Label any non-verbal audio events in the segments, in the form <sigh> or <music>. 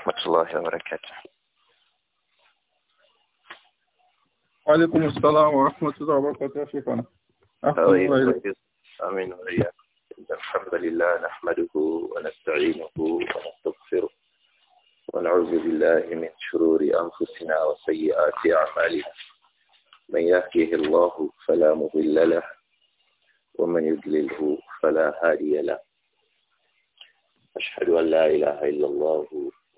ورحمة الله وبركاته وعليكم السلام ورحمة الله وبركاته شيخنا طيب، آمين وإياك الحمد لله نحمده ونستعينه ونستغفره ونعوذ بالله من شرور أنفسنا وسيئات أعمالنا من يهديه الله فلا مضل له ومن يضلله فلا هادي له أشهد أن لا إله إلا الله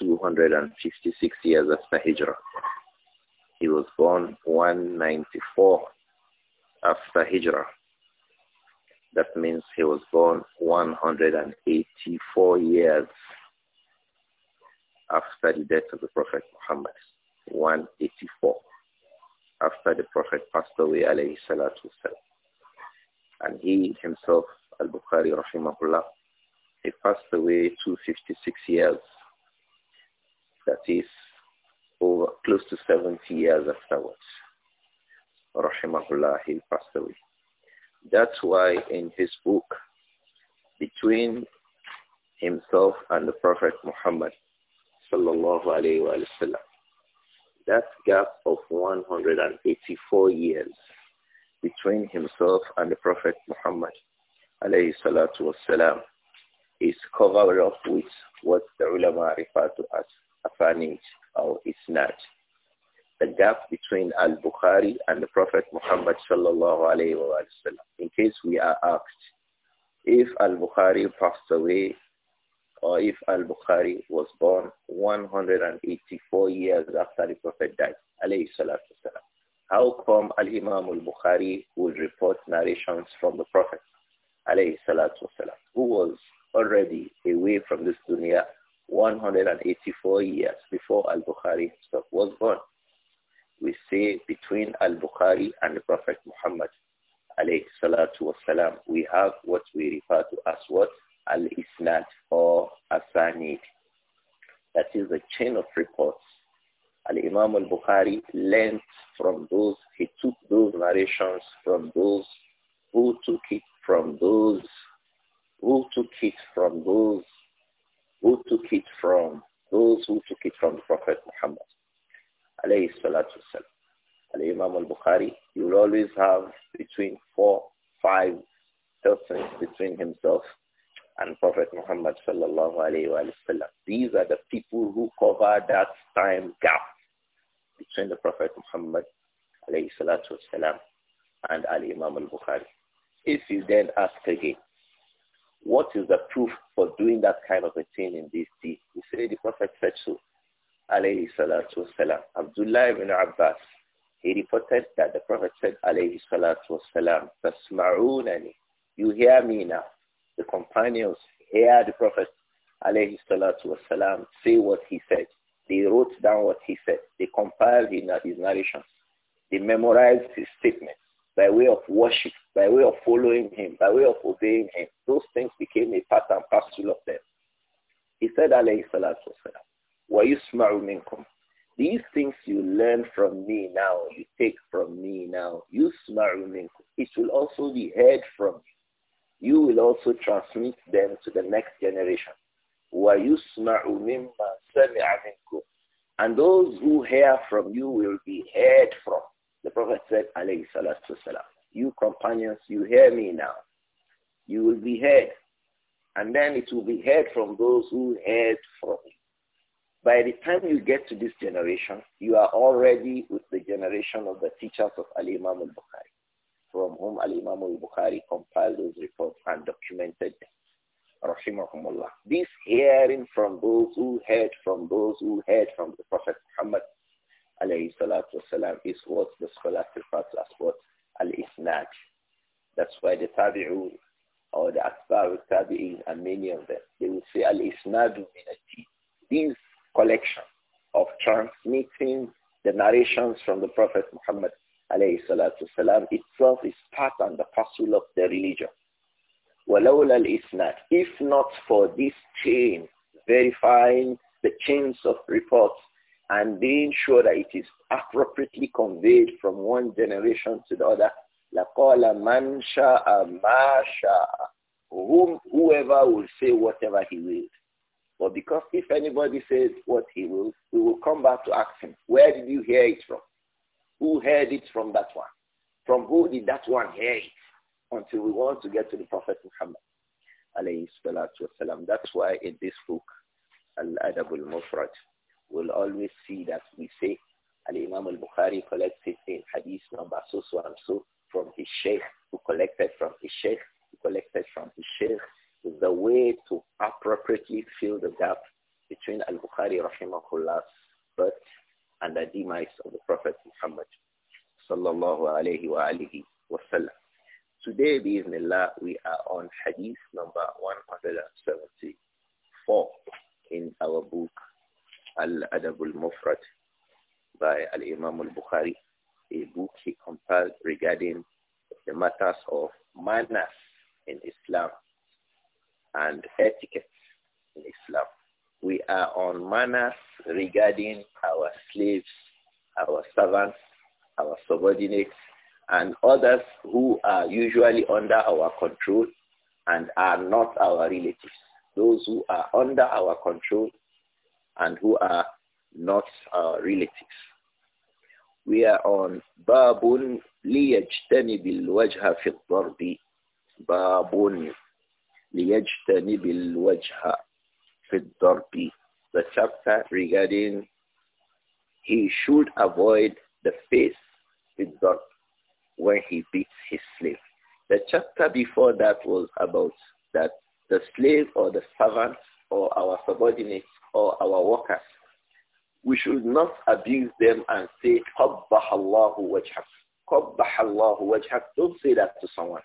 256 years after Hijrah. He was born 194 after Hijrah. That means he was born 184 years after the death of the Prophet Muhammad. 184 after the Prophet passed away alayhi salatu And he himself, Al-Bukhari rahimahullah, he passed away 256 years that is over close to 70 years afterwards. Rahimahullah, he passed away. That's why in his book, between himself and the Prophet Muhammad, sallallahu alayhi wa sallam, that gap of 184 years between himself and the Prophet Muhammad, alayhi salatu wasalam, is covered up with what the ulama refer to as asanid or isnad. The gap between al-Bukhari and the Prophet Muhammad sallallahu alayhi wa sallam. In case we are asked, if al-Bukhari passed away or if al-Bukhari was born 184 years after the Prophet died, alayhi salatu how come al-Imam al-Bukhari would report narrations from the Prophet, alayhi salatu who was already away from this dunya 184 years before Al-Bukhari was born. We say between Al-Bukhari and the Prophet Muhammad alayhi salatu we have what we refer to as what? Al-Isnad or Asanid. That is the chain of reports. Al-Imam al-Bukhari learned from those, he took those narrations from those who took it from those who took it from those who took it from those who took it from the Prophet Muhammad. Alayhi salatu wasalam. Ali Imam al Bukhari, you will always have between four, five persons between himself and Prophet Muhammad sallallahu alayhi wa sallam. These are the people who cover that time gap between the Prophet Muhammad alayhi salatu wasalam and Ali Imam al Bukhari. If you then ask again, what is the proof for doing that kind of a thing in this deed? He said the Prophet said so. Alayhi salatu wasalam. Abdullah ibn Abbas, he reported that the Prophet said, alayhi salatu wasalam, tasma'unani. You hear me now. The companions hear the Prophet, alayhi salatu wasalam, say what he said. They wrote down what he said. They compiled his narrations. They memorized his statements by way of worship, by way of following him, by way of obeying him. Those things became a part and parcel of them. He said, alayhi salatu wasalam, These things you learn from me now, you take from me now. You مِنْكُمْ It will also be heard from you. You will also transmit them to the next generation. وَيُسْمَعُ مِمَّا سَمِعَ مِنْكُمْ And those who hear from you will be heard from. The Prophet said, alayhi salatu salam. you companions, you hear me now. You will be heard. And then it will be heard from those who heard from you. By the time you get to this generation, you are already with the generation of the teachers of Ali imam al-Bukhari, from whom Ali imam al-Bukhari compiled those reports and documented them. Rahimahumullah. This hearing from those who heard from those who heard from the Prophet Muhammad alayhi salatu wasalam, is what the scholars refer to as what al-isnad. That's why the tabi'un or the atba'u tabi'in and many of them, they will say al-isnadu min This collection of transmitting the narrations from the Prophet Muhammad alayhi salatu wasalam itself is part and the parcel of the religion. وَلَوْلَا الْإِسْنَادِ If not for this chain verifying the chains of reports and being sure that it is appropriately conveyed from one generation to the other. لَقَالَ مَنْ شَاءَ Whom, Whoever will say whatever he will. But because if anybody says what he will, we will come back to ask him, where did you hear it from? Who heard it from that one? From who did that one hear it? Until we want to get to the Prophet Muhammad. That's why in this book, Al-Adab al-Mufrad, will always see that we say, Al-Imam al-Bukhari collects it in hadith number so so and so from his sheikh, who collected from his sheikh, who collected from his sheikh, is the way to appropriately fill the gap between al-Bukhari rahimahullah's birth and the demise of the Prophet Muhammad sallallahu alayhi wa alihi wa sallam. Today, bismillah, we are on hadith number 174 in our book Al-Adab al-Mufrad by Al-Imam al-Bukhari, a book he compiled regarding the matters of manners in Islam and etiquette in Islam. We are on manners regarding our slaves, our servants, our subordinates, and others who are usually under our control and are not our relatives. Those who are under our control and who are not our relatives. We are on Babun The chapter regarding he should avoid the face with God when he beats his slave. The chapter before that was about that the slave or the servant or our subordinates or our workers, we should not abuse them and say, قَبَّحَ اللَّهُ وَجْهَكَ Don't say that to someone.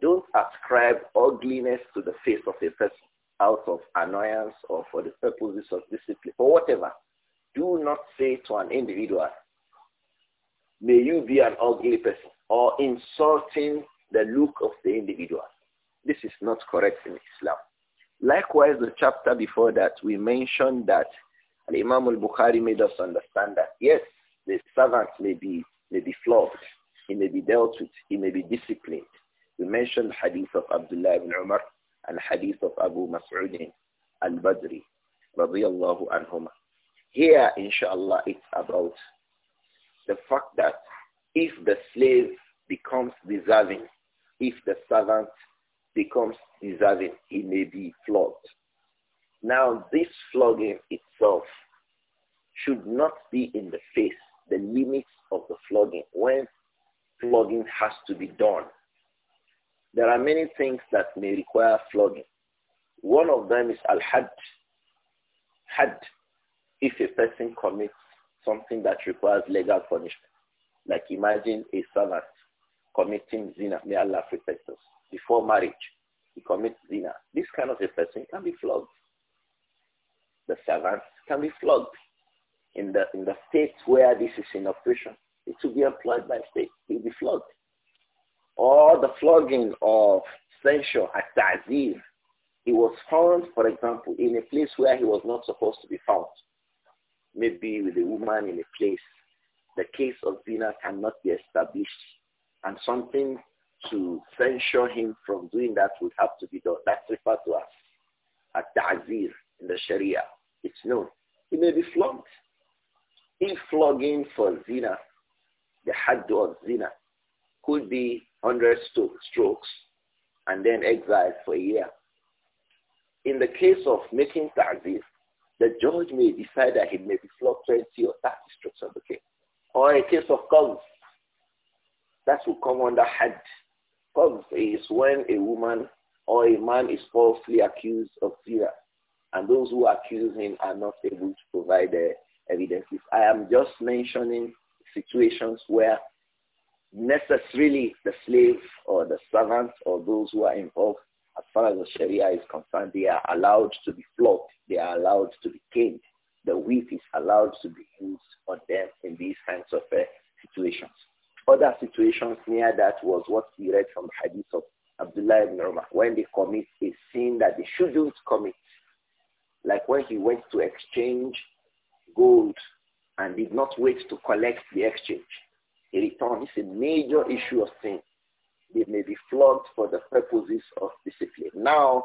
Don't ascribe ugliness to the face of a person out of annoyance or for the purposes of discipline or whatever. Do not say to an individual, may you be an ugly person or insulting the look of the individual. This is not correct in Islam. Likewise, the chapter before that, we mentioned that Imam al-Bukhari made us understand that, yes, the servant may be, may be flogged, he may be dealt with, he may be disciplined. We mentioned hadith of Abdullah ibn Umar and hadith of Abu Mas'udin al-Badri, radiyallahu anhumah. Here, inshallah, it's about the fact that if the slave becomes deserving, if the servant becomes deserving, he may be flogged. Now, this flogging itself should not be in the face, the limits of the flogging, when flogging has to be done. There are many things that may require flogging. One of them is al Had, if a person commits something that requires legal punishment, like imagine a servant committing zina, may Allah protect us before marriage. He commits zina. This kind of a person can be flogged. The servant can be flogged in the in the state where this is in operation. It will be employed by state. He will be flogged. Or the flogging of censure at Ta'zir. He was found, for example, in a place where he was not supposed to be found. Maybe with a woman in a place. The case of zina cannot be established and something to censure him from doing that would have to be done. That's referred to as a ta'zir in the Sharia. It's known. He may be flogged. If flogging for zina, the had of zina, could be 100 strokes and then exiled for a year. In the case of making ta'zir, the judge may decide that he may be flogged 20 or 30 strokes of the case. Or in a case of cause, that will come under had Cause is when a woman or a man is falsely accused of zina, and those who accuse him are not able to provide the evidences. I am just mentioning situations where necessarily the slave or the servant or those who are involved as far as the Sharia is concerned, they are allowed to be flogged. They are allowed to be caned. The whip is allowed to be used on them in these kinds of uh, situations. Other situations near that was what we read from the hadith of Abdullah ibn Umar, when they commit a sin that they shouldn't commit. Like when he went to exchange gold and did not wait to collect the exchange. A return is a major issue of sin. They may be flogged for the purposes of discipline. Now,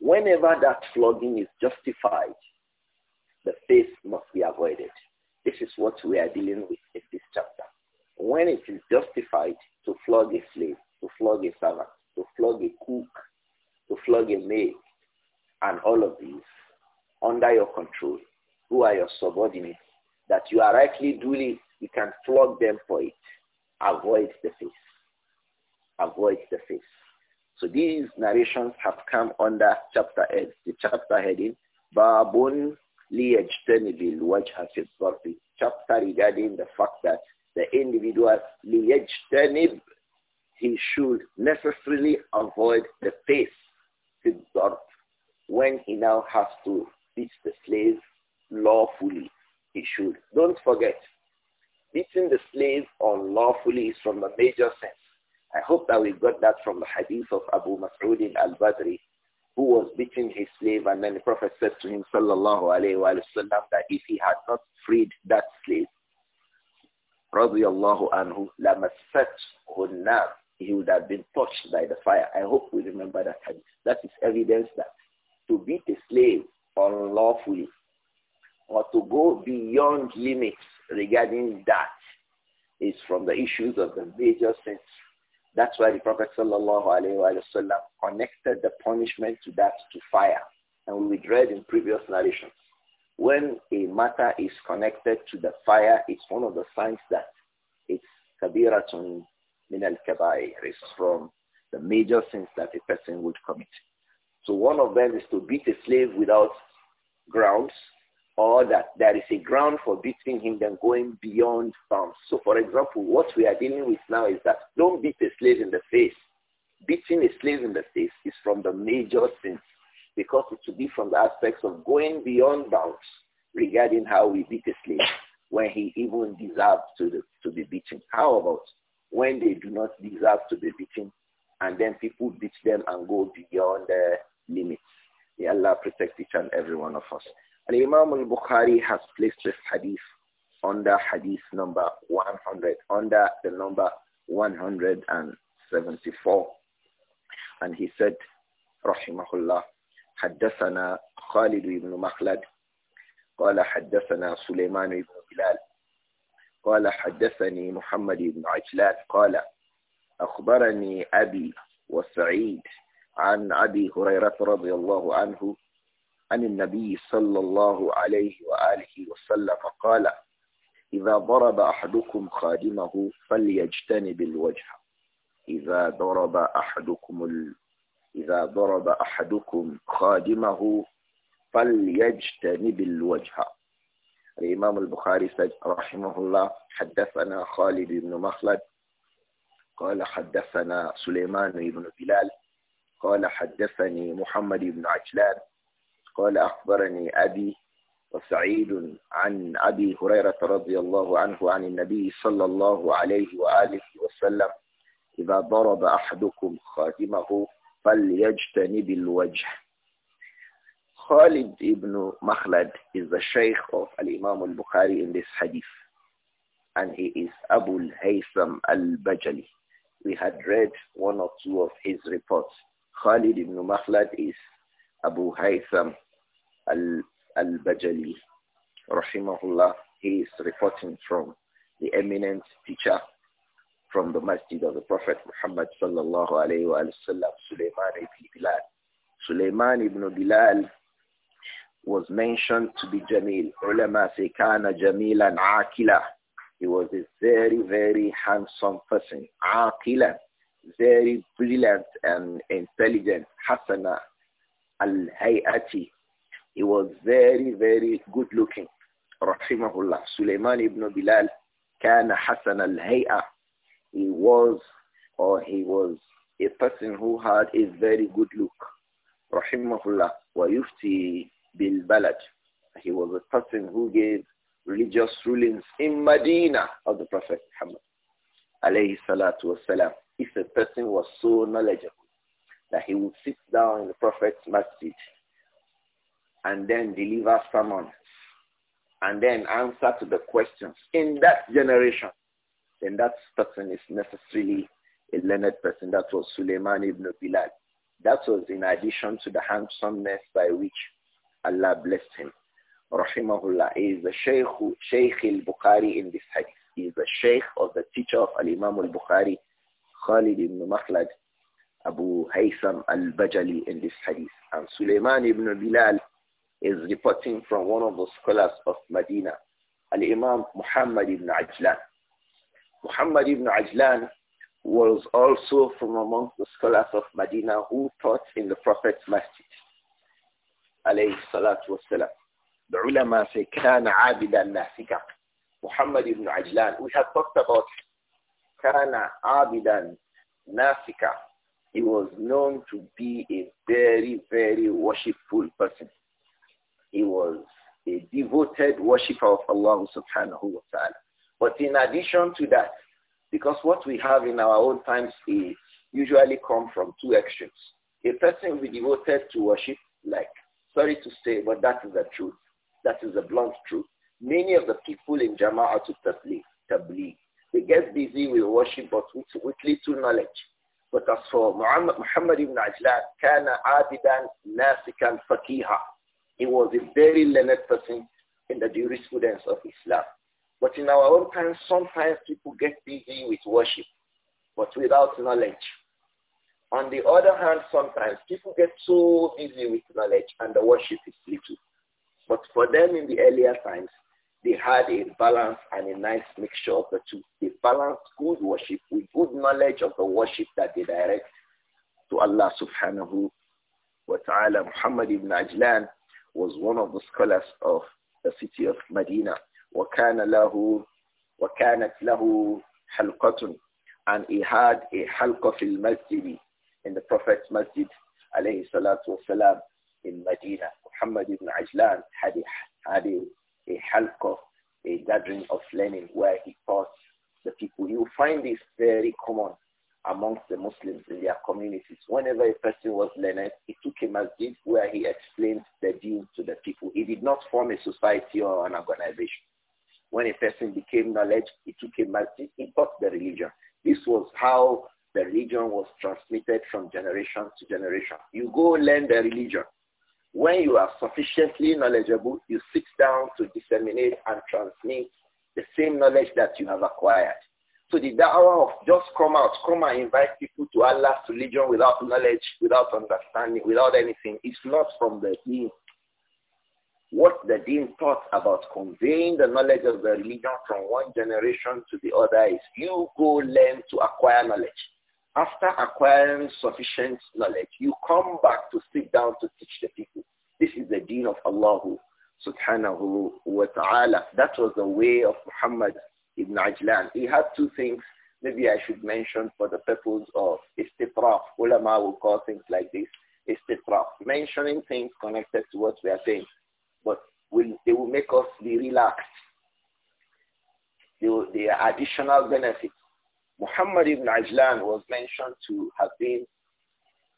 whenever that flogging is justified, the face must be avoided. This is what we are dealing with in this chapter when it is justified to flog a slave, to flog a servant, to flog a cook, to flog a maid, and all of these under your control, who are your subordinates, that you are rightly doing, you can flog them for it. Avoid the face. Avoid the face. So these narrations have come under chapter head, the chapter heading, Babun Liyajtanibil Wajha Chapter regarding the fact that the individual ليجتنب he should necessarily avoid the face pace when he now has to beat the slave lawfully. He should. Don't forget, beating the slave unlawfully is from a major sense. I hope that we got that from the hadith of Abu Mas'ud al-Badri, who was beating his slave and then the Prophet said to him, sallallahu alayhi wa sallam, that if he had not freed that slave, radiallahu anhu, lamassathu He would have been touched by the fire. I hope we remember that That is evidence that to beat a slave unlawfully or to go beyond limits regarding that is from the issues of the major sins. That's why the Prophet sallallahu connected the punishment to that to fire. And we read in previous narrations when a matter is connected to the fire, it's one of the signs that it's kabiratun min al kabair. It's from the major sins that a person would commit. So one of them is to beat a slave without grounds or that there is a ground for beating him than going beyond bounds. So for example, what we are dealing with now is that don't beat a slave in the face. Beating a slave in the face is from the major sins because it will be from the aspects of going beyond bounds regarding how we beat a slave when he even deserves to, the, to be beaten. How about when they do not deserve to be beaten and then people beat them and go beyond the limits? May Allah protect each and every one of us. And Imam al-Bukhari has placed this hadith under hadith number 100, under the number 174. And he said, "Rahimahullah." حدثنا خالد بن مخلد قال حدثنا سليمان بن بلال قال حدثني محمد بن عجلان قال أخبرني أبي وسعيد عن أبي هريرة رضي الله عنه عن النبي صلى الله عليه وآله وسلم قال إذا ضرب أحدكم خادمه فليجتنب الوجه إذا ضرب أحدكم إذا ضرب أحدكم خادمه فليجتنب الوجه الإمام البخاري رحمه الله حدثنا خالد بن مخلد قال حدثنا سليمان بن بلال قال حدثني محمد بن عجلان قال أخبرني أبي وسعيد عن أبي هريرة رضي الله عنه عن النبي صلى الله عليه وآله وسلم إذا ضرب أحدكم خادمه فَلْيَجْتَنِبِ الْوَجْهِ Khalid ibn Makhlad is the Shaykh of Al-Imam al-Bukhari in this hadith. And he is Abu al-Haytham al-Bajali. We had read one or two of his reports. Khalid ibn Makhlad is Abu Haytham al-Bajali. Rahimahullah, he is reporting from the eminent teacher from the masjid of the Prophet Muhammad sallallahu alayhi wa sallam, Sulaiman ibn Bilal. Sulaiman ibn Bilal was mentioned to be Jamil. Ulama say kana Jamilan He was a very, very handsome person. Akila, very brilliant and intelligent. Hasana al-Hayati. He was very, very good looking. Rahimahullah. Sulaiman ibn Bilal kana Hasan al he was or he was a person who had a very good look. Rahimahullah wa yufti bil balad. He was a person who gave religious rulings in Medina of the Prophet Muhammad. Alayhi salatu wasalam. If a person was so knowledgeable that he would sit down in the Prophet's masjid and then deliver sermons and then answer to the questions in that generation then that person is necessarily a learned person. That was Suleiman ibn Bilal. That was in addition to the handsomeness by which Allah blessed him. Rahimahullah is the Shaykh, Sheikh al-Bukhari in this hadith. He is the Shaykh of the teacher of Al-Imam al-Bukhari, Khalid ibn Makhlad, Abu Haytham al-Bajali in this hadith. And Suleiman ibn Bilal is reporting from one of the scholars of Medina, Al-Imam Muhammad ibn Ajlan. Muhammad ibn Ajlan was also from among the scholars of Medina who taught in the Prophet's masjid. The ulama say, Muhammad ibn Ajlan. We have talked about كان عابدا He was known to be a very, very worshipful person. He was a devoted worshipper of Allah subhanahu wa ta'ala. But in addition to that, because what we have in our own times is usually come from two extremes. A person will be devoted to worship, like, sorry to say, but that is the truth. That is the blunt truth. Many of the people in Jama'at to tabli, tabligh they get busy with worship but with, with little knowledge. But as for Muhammad, Muhammad ibn Ajlan, kana abidan nasikan fakiha. He was a very learned person in the jurisprudence of Islam. But in our own times, sometimes people get busy with worship, but without knowledge. On the other hand, sometimes people get so busy with knowledge and the worship is little. But for them in the earlier times, they had a balance and a nice mixture of the two. They balanced good worship with good knowledge of the worship that they direct to Allah subhanahu wa ta'ala. Muhammad ibn Ajlan was one of the scholars of the city of Medina. وَكَانَ لَهُ وَكَانَتْ لَهُ حَلْقَةٌ And he had a halqa fil in the Prophet's masjid عليه salatu in Medina. Muhammad ibn Ajlan had a, had a, a halqa, a gathering of learning where he taught the people. You find this very common amongst the Muslims in their communities. Whenever a person was learned, he took a masjid where he explained the deen to the people. He did not form a society or an organization. When a person became knowledge, he took a masjid, he taught the religion. This was how the religion was transmitted from generation to generation. You go learn the religion. When you are sufficiently knowledgeable, you sit down to disseminate and transmit the same knowledge that you have acquired. So the da'wah of just come out, come and invite people to Allah's religion without knowledge, without understanding, without anything, it's not from the deen what the dean taught about conveying the knowledge of the religion from one generation to the other is you go learn to acquire knowledge. After acquiring sufficient knowledge, you come back to sit down to teach the people. This is the deen of Allah subhanahu wa ta'ala. That was the way of Muhammad ibn Ajlan. He had two things maybe I should mention for the purpose of istitraf. Ulama will call things like this istitraf, mentioning things connected to what we are saying. But will, they will make us be relaxed. The additional benefits. Muhammad ibn Ajlan was mentioned to have been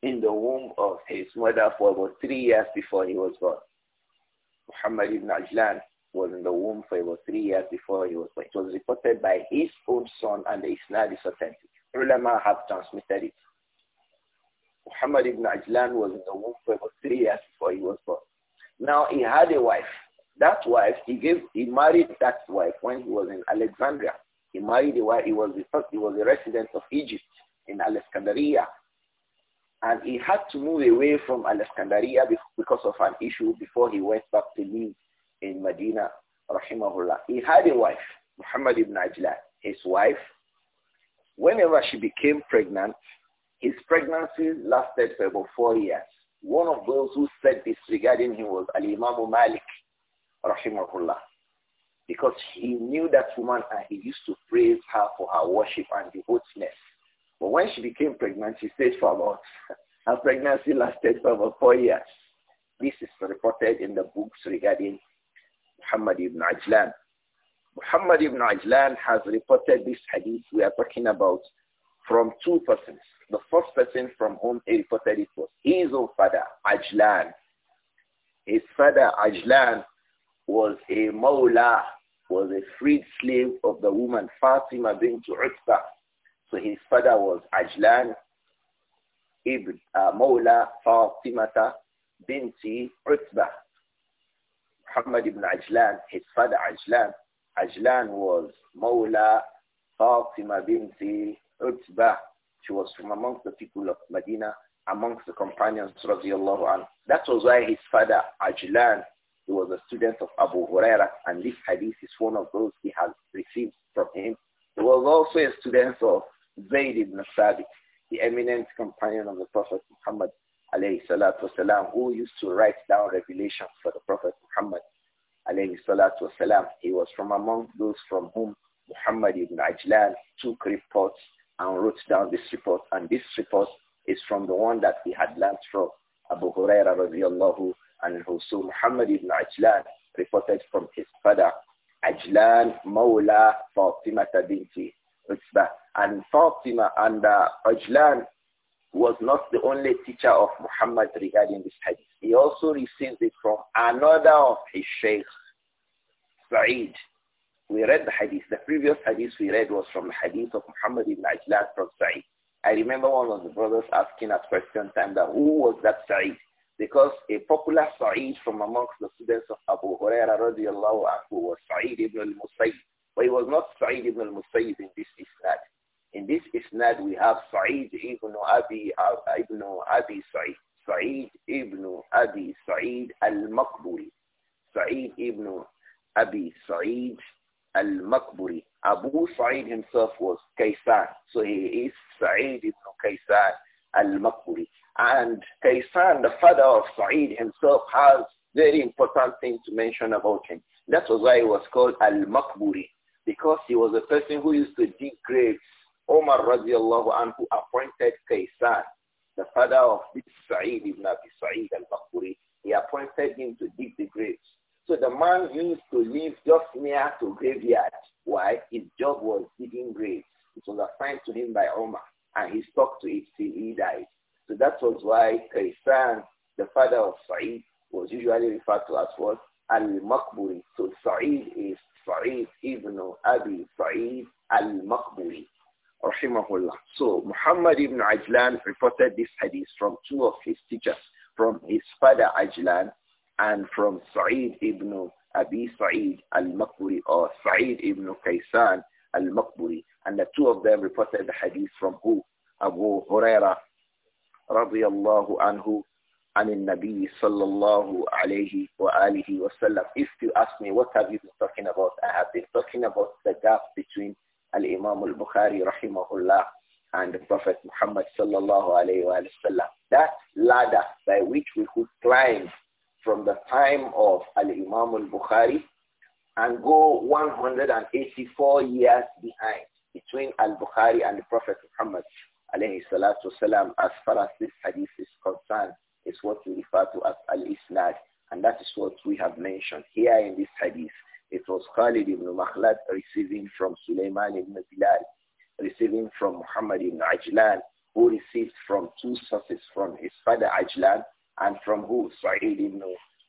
in the womb of his mother for about three years before he was born. Muhammad ibn Ajlan was in the womb for about three years before he was born. It was reported by his own son and the Isnad is authentic. Ulama have transmitted it. Muhammad ibn Ajlan was in the womb for about three years before he was born. Now he had a wife. That wife, he gave, he married that wife when he was in Alexandria. He married a wife. He was the first, he was a resident of Egypt in Alexandria, and he had to move away from Alexandria because of an issue before he went back to live in Medina. Rahimahullah. He had a wife, Muhammad ibn Ajlan. His wife, whenever she became pregnant, his pregnancy lasted for about four years. One of those who said this regarding him was Al-Imam Malik, rahimahullah. Because he knew that woman and he used to praise her for her worship and devoutness. But when she became pregnant, she stayed for about, <laughs> her pregnancy lasted for about four years. This is reported in the books regarding Muhammad ibn Ajlan. Muhammad ibn Ajlan has reported this hadith we are talking about from two persons. The first person from whom he reported it was his own father, Ajlan. His father, Ajlan, was a mawla, was a freed slave of the woman Fatima bint Utba. So his father was Ajlan ibn uh, Mawla Fatimata binti Utba. Muhammad ibn Ajlan, his father Ajlan, Ajlan was Mawla Fatima binti Utba. She was from amongst the people of Medina, amongst the companions, radiallahu anhu. That was why his father, Ajlan, he was a student of Abu Huraira, and this hadith is one of those he has received from him. He was also a student of Zayd ibn Thabit, the eminent companion of the Prophet Muhammad, alayhi salatu wasalam, who used to write down revelations for the Prophet Muhammad, alayhi salatu wasalam. He was from among those from whom Muhammad ibn Ajlan took reports and wrote down this report. And this report is from the one that he had learned from Abu Huraira radiallahu anhu. So Muhammad ibn Ajlan reported from his father, Ajlan Mawla Fatima binti Utbah. And Fatima and uh, Ajlan was not the only teacher of Muhammad regarding this hadith. He also received it from another of his sheikhs, Sa'id we read the hadith. The previous hadith we read was from the hadith of Muhammad ibn Ajlad from Sa'id. I remember one of the brothers asking at question time that who was that Sa'id? Because a popular Sa'id from amongst the students of Abu Huraira radiallahu anhu was Sa'id ibn al musayyid But he was not Sa'id ibn al musayyid in this isnad. In this isnad we have Sa'id ibn Abi, uh, ibn Abi Sa'id. Sa'id ibn Abi Sa'id al-Makburi. Sa'id ibn Abi Sa'id al-Makburi. Abu Sa'id himself was Kaysan. So he is Sa'id ibn Kaysan al-Makburi. And Kaysan, the father of Sa'id himself, has very important thing to mention about him. That was why he was called Al-Makburi, because he was a person who used to dig graves. Omar radiallahu anhu appointed Kaysan, the father of this Sa'id ibn Abi Sa'id al-Makburi. He appointed him to dig the graves. So the man used to live just near to graveyard. Why? His job was digging graves. It was assigned to him by Omar, and he stuck to it till he died. So that was why Kaysan, the father of Sa'id, was usually referred to as what? Al-Makburi. So Sa'id is Sa'id ibn Abi Sa'id al-Makburi. So Muhammad ibn Ajlan reported this hadith from two of his teachers, from his father Ajlan and from Sa'id ibn Abi Sa'id al-Makburi or Sa'id ibn Kaysan al-Makburi. And the two of them reported the hadith from who? Abu Huraira radiallahu anhu عن النبي صلى الله عليه وآله وسلم. If you ask me what have you been talking about, I have been talking about the gap between Al-Imam al-Bukhari rahimahullah and the Prophet Muhammad sallallahu alayhi wa sallam. That ladder by which we could climb time of Al-Imam al-Bukhari and go 184 years behind between al-Bukhari and the Prophet Muhammad alayhi salatu wasalam as far as this hadith is concerned is what we refer to as al-Isnad and that is what we have mentioned here in this hadith. It was Khalid ibn Makhlad receiving from Sulaiman ibn Bilal, receiving from Muhammad ibn Ajlan, who received from two sources, from his father Ajlan and from who? Sa'id ibn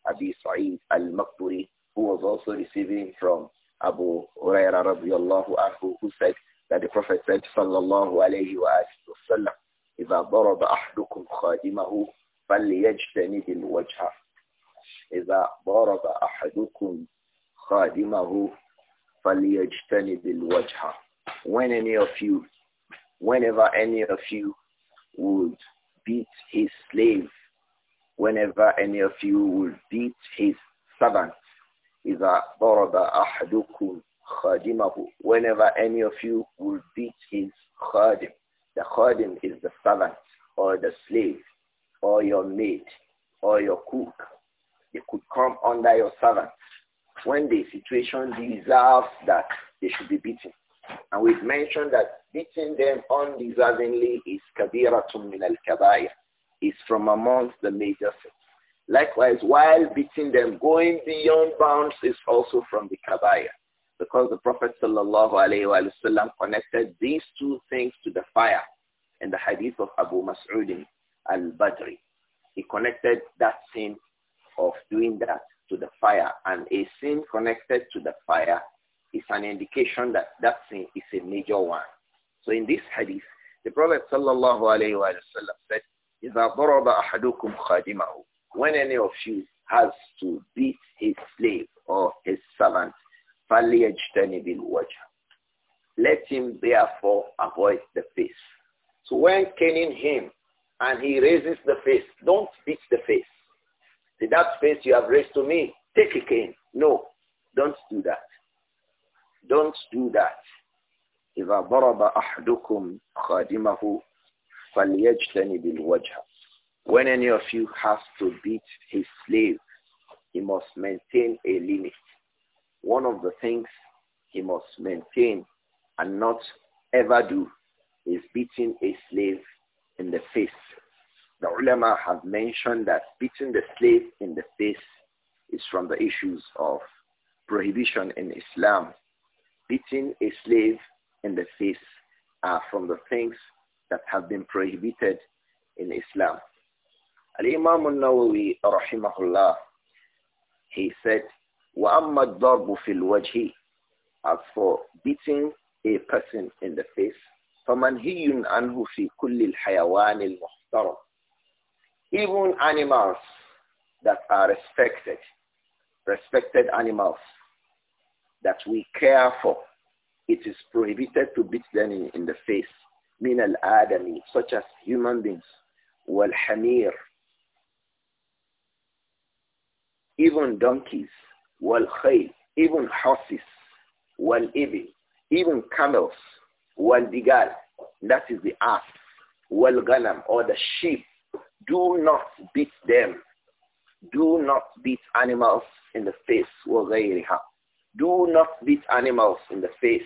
Abi Sa'id al-Maqburi, who was also receiving from Abu Huraira radiallahu anhu, who said that the Prophet said, sallallahu alayhi wa sallam, إِذَا ضَرَبَ أَحْدُكُمْ خَادِمَهُ فَلْيَجْتَنِدِ الْوَجْهَ إِذَا ضَرَبَ أَحَدُكُمْ خَادِمَهُ الْوَجْهَ When any of you, whenever any of you would beat his slave whenever any of you will beat his servant, إِذَا ضَرَبَ أَحَدُكُمْ خَادِمَهُ Whenever any of you will beat his khadim. The khadim is the servant or the slave or your maid or your cook. They could come under your servant when the situation deserves that they should be beaten. And we've mentioned that beating them undeservingly is kabiratun min al-kabair is from amongst the major sins. Likewise, while beating them, going beyond bounds is also from the kabaya. Because the Prophet ﷺ connected these two things to the fire in the hadith of Abu Mas'ud al-Badri. He connected that sin of doing that to the fire. And a sin connected to the fire is an indication that that sin is a major one. So in this hadith, the Prophet ﷺ said, when any of you has to beat his slave or his servant, فَلْيَجْتَنِبِ الْوَجْهَ Let him therefore avoid the face. So when caning him and he raises the face, don't beat the face. See, that face you have raised to me, take a cane. No, don't do that. Don't do that. إذا ضرب أحدكم خادمه when any of you has to beat his slave, he must maintain a limit. One of the things he must maintain and not ever do is beating a slave in the face. The ulama have mentioned that beating the slave in the face is from the issues of prohibition in Islam. Beating a slave in the face are from the things that have been prohibited in Islam. Al-Imam al-Nawawi, rahimahullah, he said, وَأَمَّا الضَّرْبُ فِي الْوَجْهِ As for beating a person in the face, فَمَنْهِيٌ عَنْهُ فِي كُلِّ الْحَيَوَانِ الْمُحْتَرَمِ Even animals that are respected, respected animals that we care for, it is prohibited to beat them in, in the face min al such as human beings, wal even donkeys, wal even horses, wal even camels, wal-bigal, is the ass, wal or the sheep. Do not beat them. Do not beat animals in the face, وغيرها. Do not beat animals in the face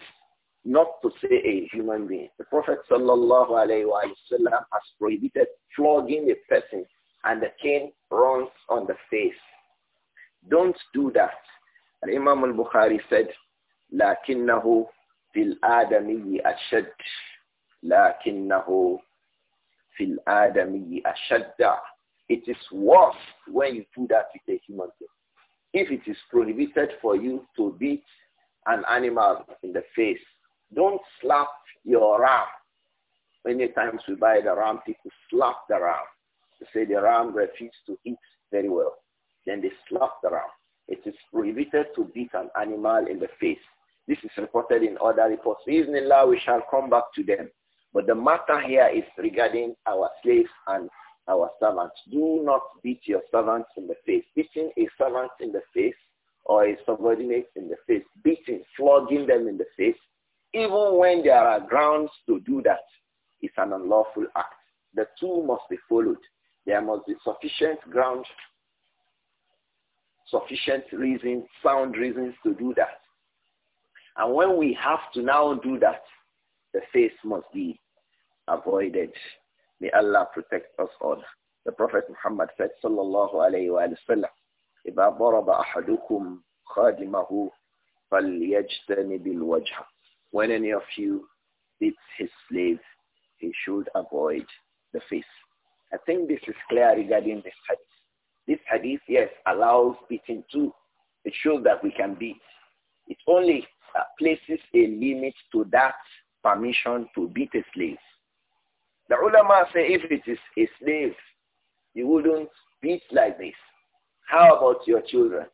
not to say a human being. The Prophet sallallahu alayhi wasallam has prohibited flogging a person and the cane runs on the face. Don't do that. And Imam al-Bukhari said, لكنه في الآدمي أشد لكنه fil Adami أشد It is worse when you do that with a human being. If it is prohibited for you to beat an animal in the face, don't slap your ram. Many times we buy the ram, people slap the ram. They say the ram refuses to eat very well. Then they slap the ram. It is prohibited to beat an animal in the face. This is reported in other reports. law, we shall come back to them. But the matter here is regarding our slaves and our servants. Do not beat your servants in the face. Beating a servant in the face or a subordinate in the face, beating, flogging them in the face even when there are grounds to do that, it's an unlawful act. The two must be followed. There must be sufficient ground, sufficient reasons, sound reasons to do that. And when we have to now do that, the face must be avoided. May Allah protect us all. The Prophet Muhammad said, Sallallahu alayhi wasallam, إِذَا ضَرَبَ أَحَدُكُمْ خَادِمَهُ فَلْيَجْتَنِبِ الْوَجْهَ when any of you beats his slave, he should avoid the face. I think this is clear regarding this hadith. This hadith, yes, allows beating too. It shows that we can beat. It only uh, places a limit to that permission to beat a slave. The ulama say if it is a slave, you wouldn't beat like this. How about your children?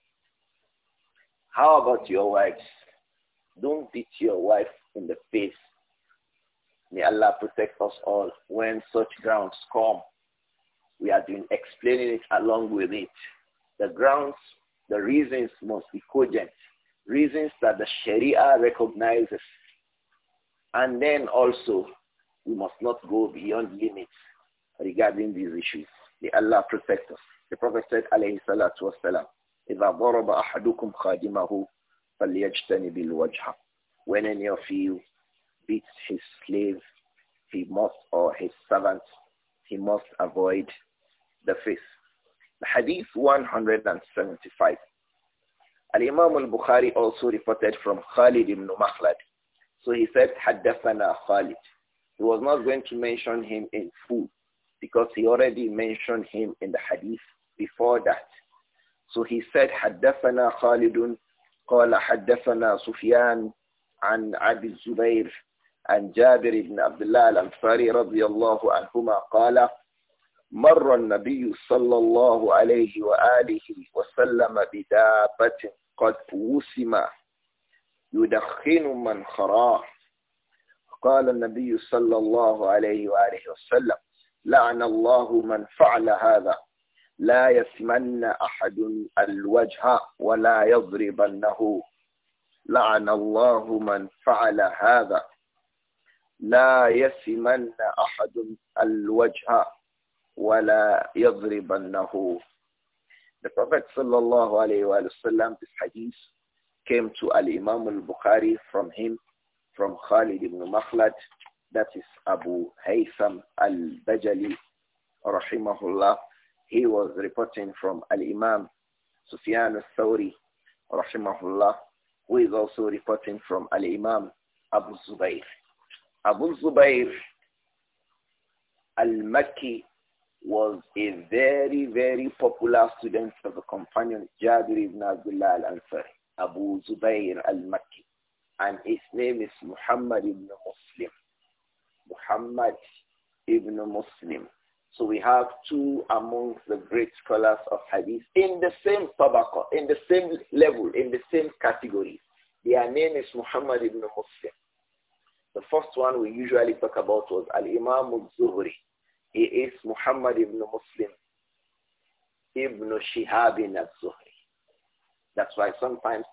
How about your wives? Don't beat your wife in the face. May Allah protect us all when such grounds come. We have been explaining it along with it. The grounds, the reasons must be cogent. Reasons that the Sharia recognizes. And then also, we must not go beyond limits regarding these issues. May Allah protect us. The Prophet said, alayhi salatu wasalam, إذا ضرب أحدكم خادمه when any of you beats his slave, he must, or his servant, he must avoid the face. The hadith 175. Al-Imam al-Bukhari also reported from Khalid ibn Makhlad. So he said, Haddathana Khalid. He was not going to mention him in full because he already mentioned him in the hadith before that. So he said, Haddathana Khalidun قال حدثنا سفيان عن عبد الزبير عن جابر بن عبد الله الأنصاري رضي الله عنهما قال مر النبي صلى الله عليه وآله وسلم بدابة قد وسم يدخن من خراه قال النبي صلى الله عليه وآله وسلم لعن الله من فعل هذا لا يسمن أحد الوجه ولا يضربنه لعن الله من فعل هذا لا يسمن أحد الوجه ولا يضربنه The Prophet صلى الله عليه وسلم this hadith came to Al-Imam al-Bukhari from him, from Khalid ibn Makhlad, that is Abu Haytham al-Bajali, rahimahullah, He was reporting from Al-Imam Sufyan al-Thawri, rahimahullah, who is also reporting from Al-Imam Abu Zubayr. Abu Zubayr al-Makki was a very, very popular student of the companion Jabir ibn Abdullah al-Ansari, Abu Zubayr al-Makki. And his name is Muhammad ibn Muslim. Muhammad ibn Muslim. So we have two among the great scholars of hadith in the same tabaqah, in the same level, in the same category. Their name is Muhammad ibn Muslim. The first one we usually talk about was Al-Imam al-Zuhri. He is Muhammad ibn Muslim ibn Shihab al-Zuhri. That's why sometimes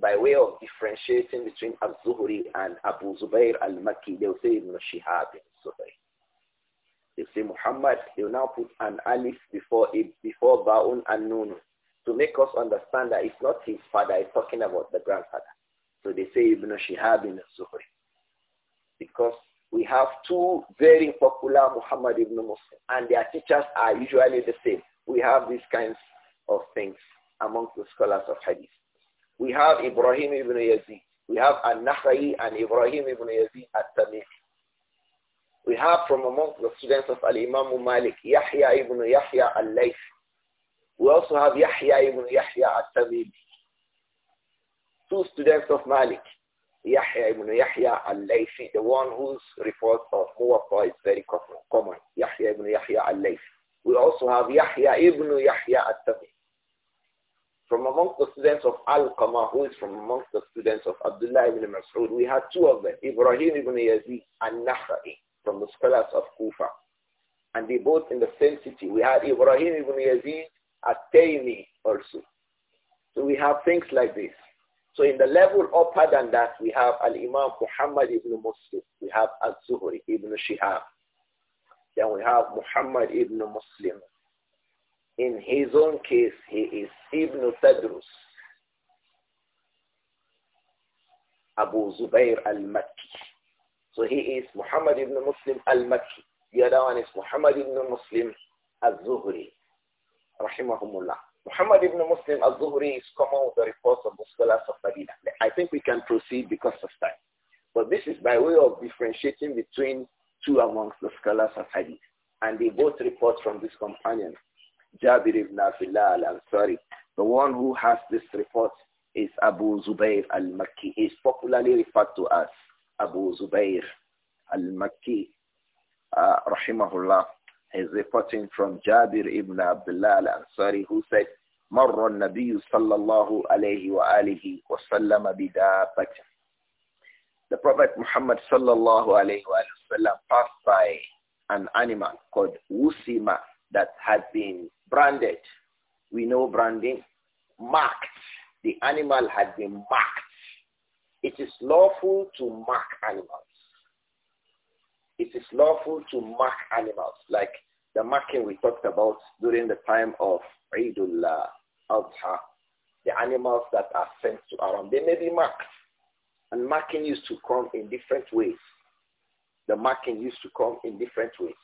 by way of differentiating between al-Zuhri and Abu Zubair al-Makki, they'll say ibn Shihab al-Zuhri. They say Muhammad, they will now put an alif before it, before Ba'un and Nun to make us understand that it's not his father, it's talking about the grandfather. So they say Ibn Shihab in Zuhri. Because we have two very popular Muhammad ibn Muslim and their teachers are usually the same. We have these kinds of things among the scholars of Hadith. We have Ibrahim ibn Yazid. We have An-Nahra'i and Ibrahim ibn Yazid at-Tamimi. We have from amongst the students of Al-Imam Malik, Yahya ibn Yahya al-Layth. We also have Yahya ibn Yahya al-Tamimi. Two students of Malik, Yahya ibn Yahya al Layfi, the one whose report of Muwatta is very common, Yahya ibn Yahya al Layfi. We also have Yahya ibn Yahya al-Tamimi. From amongst the students of Al-Qama, who is from amongst the students of Abdullah ibn Mas'ud, we had two of them, Ibrahim ibn Yazid and Nahra'i from the scholars of Kufa. And they both in the same city. We had Ibrahim ibn Yazid at Taymi also. So we have things like this. So in the level upper than that, we have Al-Imam Muhammad ibn Muslim. We have Al-Zuhri ibn Shihab. Then we have Muhammad ibn Muslim. In his own case, he is Ibn Tadrus. Abu Zubair al-Makki. So he is Muhammad ibn Muslim al-Makki. The other one is Muhammad ibn Muslim al-Zuhri. Rahimahumullah. Muhammad ibn Muslim al-Zuhri is common with the reports of the scholars of Medina. I think we can proceed because of time. But this is by way of differentiating between two amongst the scholars of Hadith. And they both report from this companion, Jabir ibn Abdullah al-Ansari. The one who has this report is Abu Zubayr al-Makki. He is popularly referred to as Abu Zubair al-Makki, uh, rahimahullah, is reporting from Jabir ibn Abdullah al-Ansari who said, مر النبي صلى الله عليه وآله وسلم بدابة The Prophet Muhammad صلى الله عليه وآله وسلم passed by an animal called Wusima that had been branded. We know branding, marked. The animal had been marked it is lawful to mark animals. It is lawful to mark animals, like the marking we talked about during the time of Eidul Adha. The animals that are sent to Aram, they may be marked. And marking used to come in different ways. The marking used to come in different ways.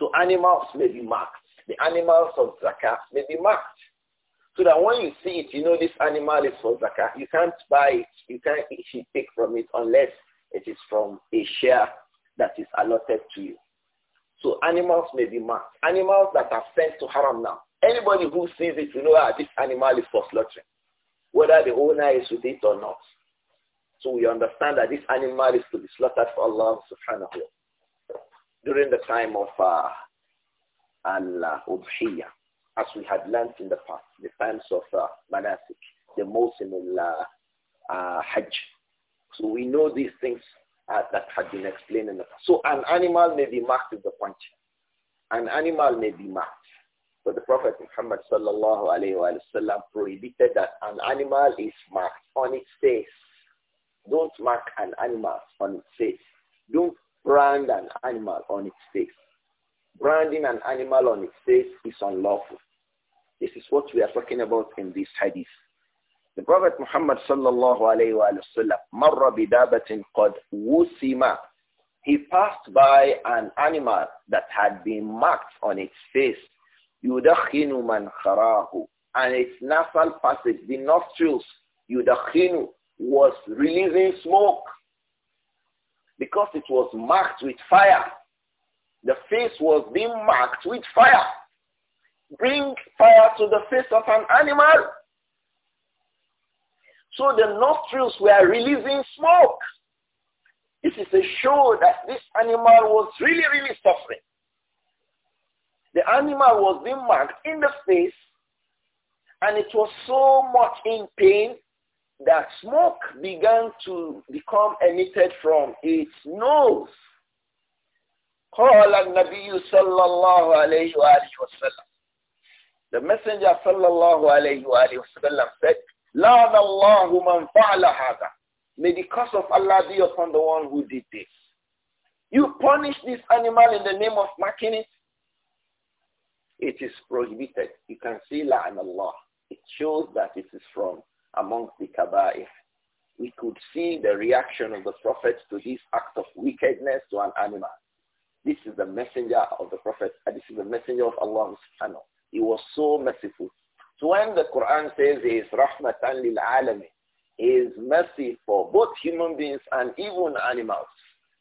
So animals may be marked. The animals of Zakat may be marked. So that when you see it, you know this animal is for zakah. You can't buy it. You can't actually take from it unless it is from a share that is allotted to you. So animals may be marked. Animals that are sent to haram now. Anybody who sees it you know ah, this animal is for slaughtering, whether the owner is with it or not. So we understand that this animal is to be slaughtered for Allah subhanahu wa during the time of uh, Allah Udhiyah as we had learnt in the past, the times of uh, Manasik, the Mawsimul uh, uh, Hajj. So we know these things uh, that had been explained in the past. So an animal may be marked with the punch. An animal may be marked. But the Prophet Muhammad sallallahu alayhi wa sallam prohibited that an animal is marked on its face. Don't mark an animal on its face. Don't brand an animal on its face. Branding an animal on its face is unlawful. This is what we are talking about in this hadith. The Prophet Muhammad sallallahu alayhi wa sallam, marra bidabatin qad wusima. He passed by an animal that had been marked on its face. Yudakhinu man kharahu. And its nasal passage, the nostrils, yudakhinu, was releasing smoke because it was marked with fire. The face was being marked with fire bring fire to the face of an animal. So the nostrils were releasing smoke. This is a show that this animal was really, really suffering. The animal was being marked in the face and it was so much in pain that smoke began to become emitted from its nose. قال النبي صلى الله عليه وآله وسلم the Messenger sallallahu alayhi wa sallam said, "La اللَّهُ مَنْ فَعْلَ May the curse of Allah be upon the one who did this. You punish this animal in the name of making it. It is prohibited. You can see لَعَنَ Allah. It shows that it is from amongst the kaba'ir. We could see the reaction of the Prophet to this act of wickedness to an animal. This is the messenger of the Prophet. this is the messenger of Allah subhanahu he was so merciful. So when the Quran says he is rahmatan lil alameen he is mercy for both human beings and even animals.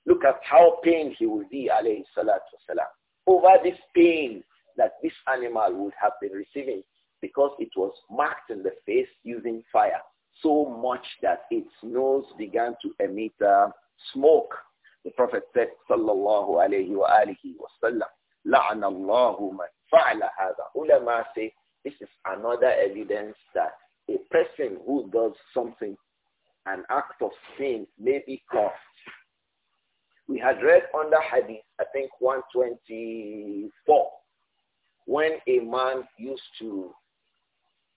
Look at how pained he will be, alayhi salatu salam, over this pain that this animal would have been receiving because it was marked in the face using fire so much that its nose began to emit uh, smoke. The Prophet said, sallallahu alayhi wa alihi wa sallam, لَعْنَ اللَّهُ مَنْ فَعْلَ هَذَا Ulama say this is another evidence that a person who does something, an act of sin, may be cursed. We had read under Hadith, I think 124, when a man used to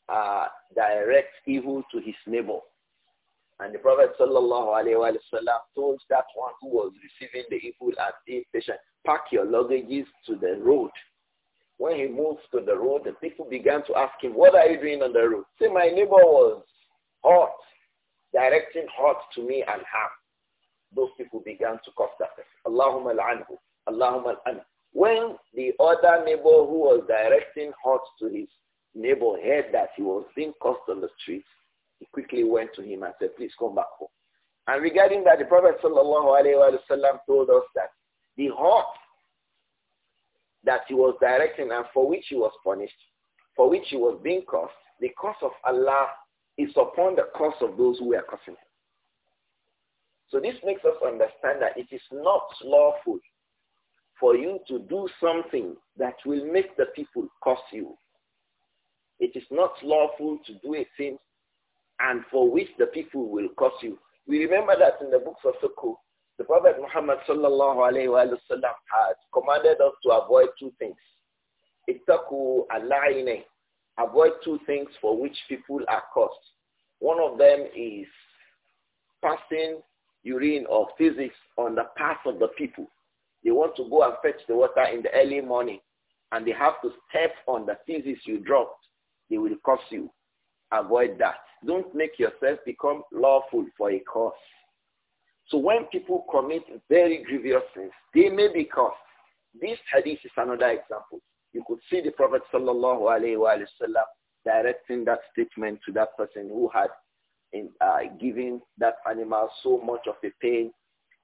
uh, direct evil to his neighbor. And the Prophet sallallahu alayhi wa told that one who was receiving the evil as impatient, pack your luggages to the road. When he moved to the road, the people began to ask him, what are you doing on the road? See, my neighbor was hot, directing hot to me and harm. Those people began to cough that. Allahumma al-anhu, Allahumma al-anhu. When the other neighbor who was directing hot to his neighbor heard that he was being cursed on the streets, he quickly went to him and said, please come back home. And regarding that, the Prophet wasallam told us that the hurt that he was directing and for which he was punished, for which he was being cursed, the curse of Allah is upon the curse of those who are cursing him. So this makes us understand that it is not lawful for you to do something that will make the people curse you. It is not lawful to do a thing and for which the people will curse you. We remember that in the books of Sukkot, the Prophet Muhammad sallallahu alayhi wa sallam had commanded us to avoid two things. Ittaku al Avoid two things for which people are cursed. One of them is passing urine or physics on the path of the people. They want to go and fetch the water in the early morning and they have to step on the physics you dropped. They will curse you. Avoid that. Don't make yourself become lawful for a cause. So when people commit very grievous sins, they may be cursed. This hadith is another example. You could see the Prophet sallallahu alaihi wasallam directing that statement to that person who had in, uh, given that animal so much of a pain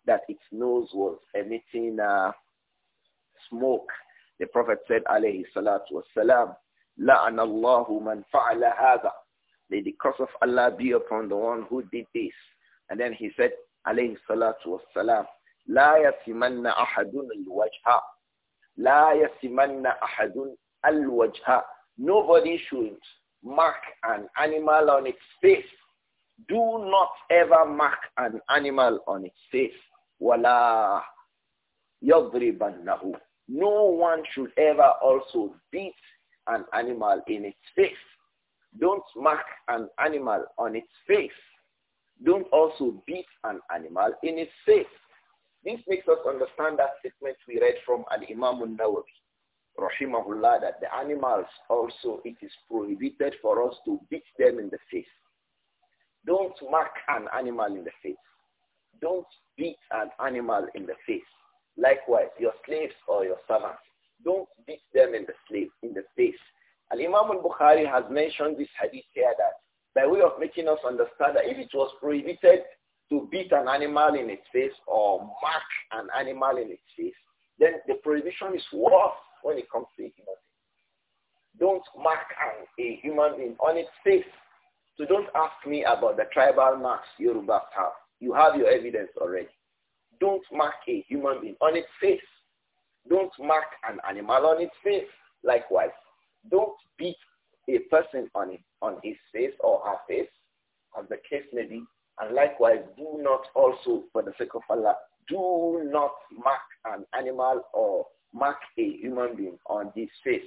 that its nose was emitting uh, smoke. The Prophet said, alayhi salatu wasalam, لَعَنَ اللَّهُ مَنْ فَعَلَ هَذَا May the curse of Allah be upon the one who did this. And then he said, alayhi salatu wassalam, لا يسمن أحد الوجه لا يسمن أحد الوجه Nobody should mark an animal on its face. Do not ever mark an animal on its face. ولا يضربنه No one should ever also beat an animal in its face. Don't mark an animal on its face. Don't also beat an animal in its face. This makes us understand that statement we read from Al-Imam al-Nawawi, rahimahullah, that the animals also, it is prohibited for us to beat them in the face. Don't mark an animal in the face. Don't beat an animal in the face. Likewise, your slaves or your servants, don't beat them in the slave in the face. Al-Imam al-Bukhari has mentioned this hadith here that by way of making us understand that if it was prohibited to beat an animal in its face or mark an animal in its face, then the prohibition is worse when it comes to a Don't mark an, a human being on its face. So don't ask me about the tribal marks Yoruba have. You have your evidence already. Don't mark a human being on its face. Don't mark an animal on its face. Likewise, don't beat a person on his, on his face or her face, as the case may be. And likewise, do not also, for the sake of Allah, do not mark an animal or mark a human being on his face.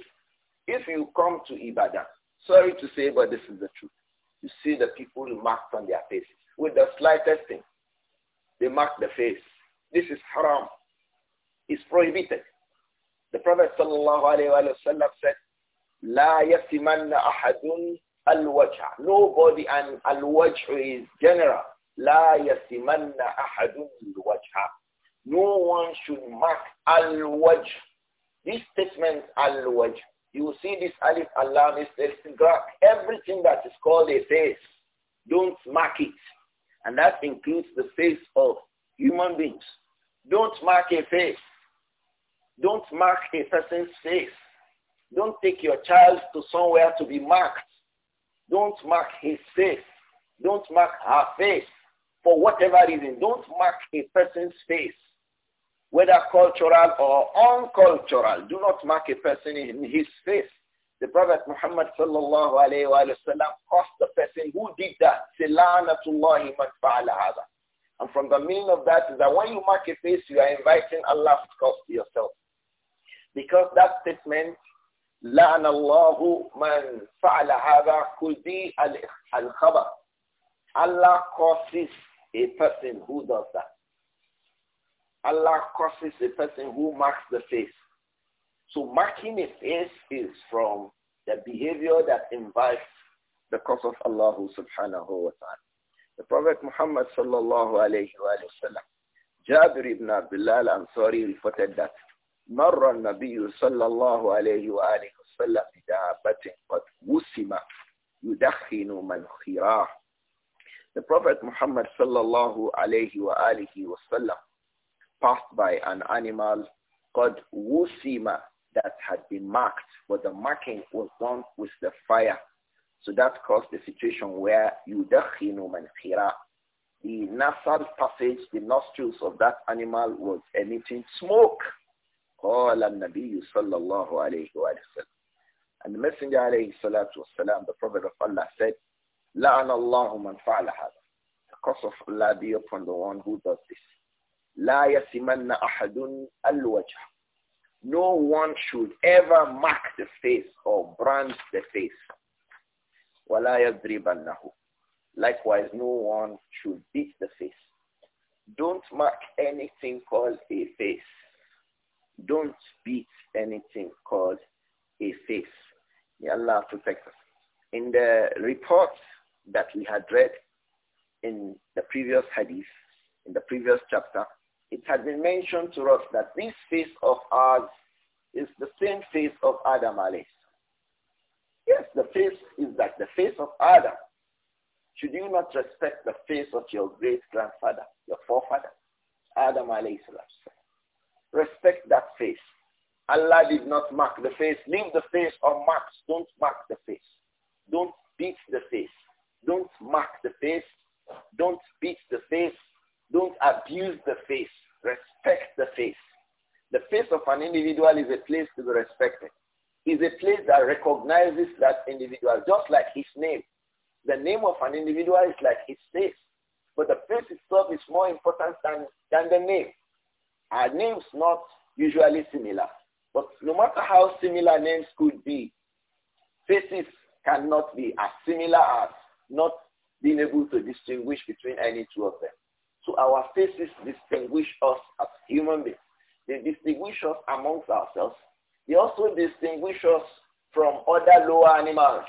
If you come to Ibadan, sorry to say, but this is the truth. You see the people marked on their face with the slightest thing. They mark the face. This is haram. It's prohibited. The Prophet sallallahu wasallam said, لا يسمن أحد al Nobody, and al is general. لا يسمن أحد al No one should mark al-wajh. This statement, al-wajh, you see this alif alam is everything that is called a face. Don't mark it. And that includes the face of human beings. Don't mark a face. Don't mark a person's face. Don't take your child to somewhere to be marked. Don't mark his face. Don't mark her face. For whatever reason, don't mark a person's face. Whether cultural or uncultural, do not mark a person in his face. The Prophet Muhammad sallallahu alayhi wa sallam cost the person who did that. And from the meaning of that is that when you mark a face, you are inviting Allah's curse to yourself. Because that statement لَعْنَ اللَّهُ مَنْ فَعْلَ هَذَا could الْخَبَرُ. Allah curses a person who does that. Allah curses a person who marks the face. So marking a face is from the behavior that invites the curse of Allah subhanahu wa ta'ala. The Prophet Muhammad sallallahu alayhi wa sallam, Jabir ibn Abdullah al-Ansari reported that مر النبي صلى الله عليه وآله قد وسم يدخن من خراه The Prophet Muhammad sallallahu alayhi wa alihi passed by an animal called wusima that had been marked, but the marking was done with the fire. So that caused the situation where yudakhinu man khira. The nasal passage, the nostrils of that animal was emitting smoke. قال النبي صلى الله عليه وسلم and the Messenger alayhi salatu wasalam, the Prophet of Allah said, لَعَنَ اللَّهُ مَنْ فَعْلَ هَذَا The curse of Allah be upon the one who does this. لَا يَسِمَنَّ أَحَدٌ الْوَجْهَ No one should ever mark the face or brand the face. وَلَا يَضْرِبَنَّهُ Likewise, no one should beat the face. Don't mark anything called a face. Don't beat anything called a face May Allah protect us. In the report that we had read in the previous hadith, in the previous chapter, it had been mentioned to us that this face of ours is the same face of Adam alayhi. Yes, the face is like the face of Adam. Should you not respect the face of your great-grandfather, your forefather, Adam alayhi Respect that face. Allah did not mark the face. Leave the face or marks. Don't mark the face. Don't beat the face. Don't mark the face. Don't beat the face. Don't abuse the face. Respect the face. The face of an individual is a place to be respected. Is a place that recognizes that individual, just like his name. The name of an individual is like his face. But the face itself is more important than, than the name. Our names not usually similar. But no matter how similar names could be, faces cannot be as similar as not being able to distinguish between any two of them. So our faces distinguish us as human beings. They distinguish us amongst ourselves. They also distinguish us from other lower animals.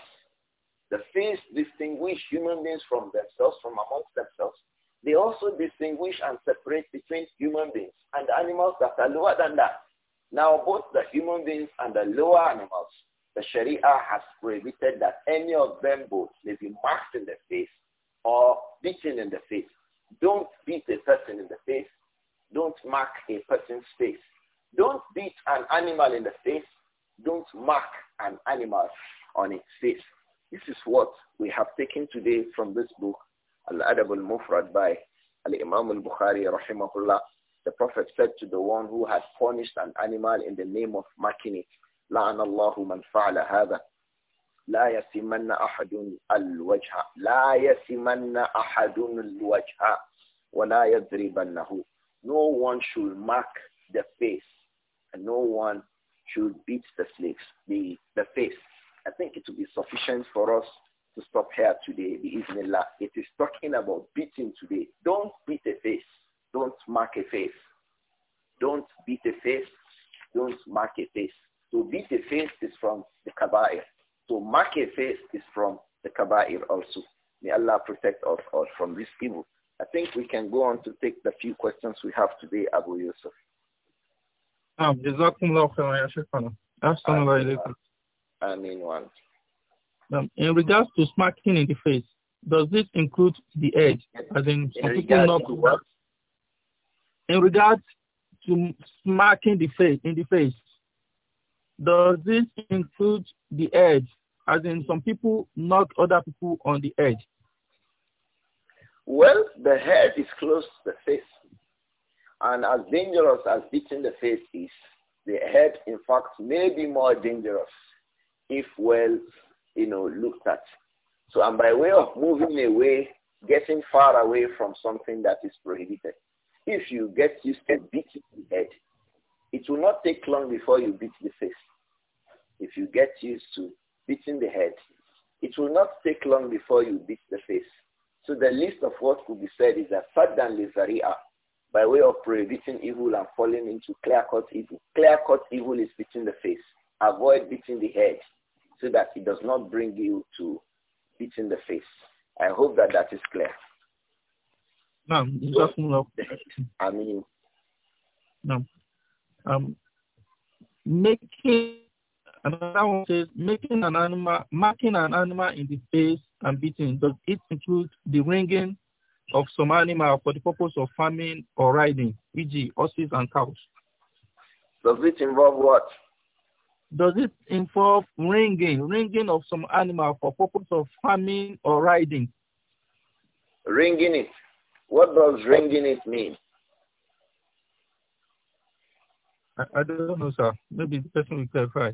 The face distinguish human beings from themselves, from amongst themselves. They also distinguish and separate between human beings and animals that are lower than that. Now, both the human beings and the lower animals, the Sharia has prohibited that any of them both may be marked in the face or beaten in the face. Don't beat a person in the face. Don't mark a person's face. Don't beat an animal in the face. Don't mark an animal on its face. This is what we have taken today from this book, Al-Adab al-Mufrad by Al-Imam al-Bukhari, rahimahullah. The Prophet said to the one who had punished an animal in the name of Makini, لعن الله من فعل هذا لا يسمن أحد الوجه لا يسمن أحد الوجه ولا يضربنه No one should mark the face and no one should beat the slaves, the, the face. I think it will be sufficient for us to stop here today, the evening. It is talking about beating today. Don't beat the face. Don't mark a face. Don't beat a face. Don't mark a face. To so beat a face is from the kaba'ir. To so mark a face is from the kaba'ir also. May Allah protect us all from this evil. I think we can go on to take the few questions we have today, Abu Yusuf. In regards to smacking in the face, does this include the head? As in, in some to knock in regards to smacking the face in the face, does this include the head? As in some people knock other people on the head. Well, the head is close to the face. And as dangerous as beating the face is, the head, in fact, may be more dangerous if well, you know, looked at. So, and by way of moving away, getting far away from something that is prohibited, if you get used to beating the head, it will not take long before you beat the face. If you get used to beating the head, it will not take long before you beat the face. So the list of what could be said is that Saddan Lizaria, by way of prohibiting evil and falling into clear-cut evil. Clear-cut evil is beating the face. Avoid beating the head so that it does not bring you to beating the face. I hope that that is clear no. I mean, Naam. Um, making another one says making an animal marking an animal in the face and beating does it include the ringing of some animal for the purpose of farming or riding, e.g., horses and cows? Does it involve what? Does it involve ringing, ringing of some animal for purpose of farming or riding? Ringing it. What does ringing it mean? I, I don't know, sir. Maybe the person will clarify.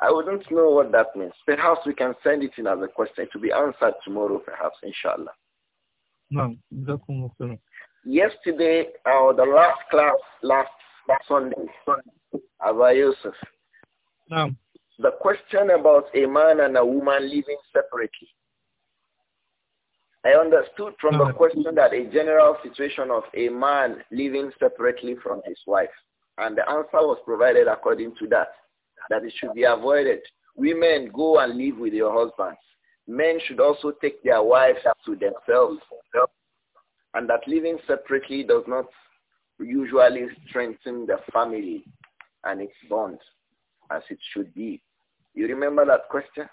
I wouldn't know what that means. Perhaps we can send it in as a question to be answered tomorrow, perhaps, inshallah. No, Yesterday, or the last class, last, last Sunday, Abba Yusuf. No. The question about a man and a woman living separately. I understood from the question that a general situation of a man living separately from his wife. And the answer was provided according to that, that it should be avoided. Women, go and live with your husbands. Men should also take their wives to themselves. And that living separately does not usually strengthen the family and its bond as it should be. You remember that question?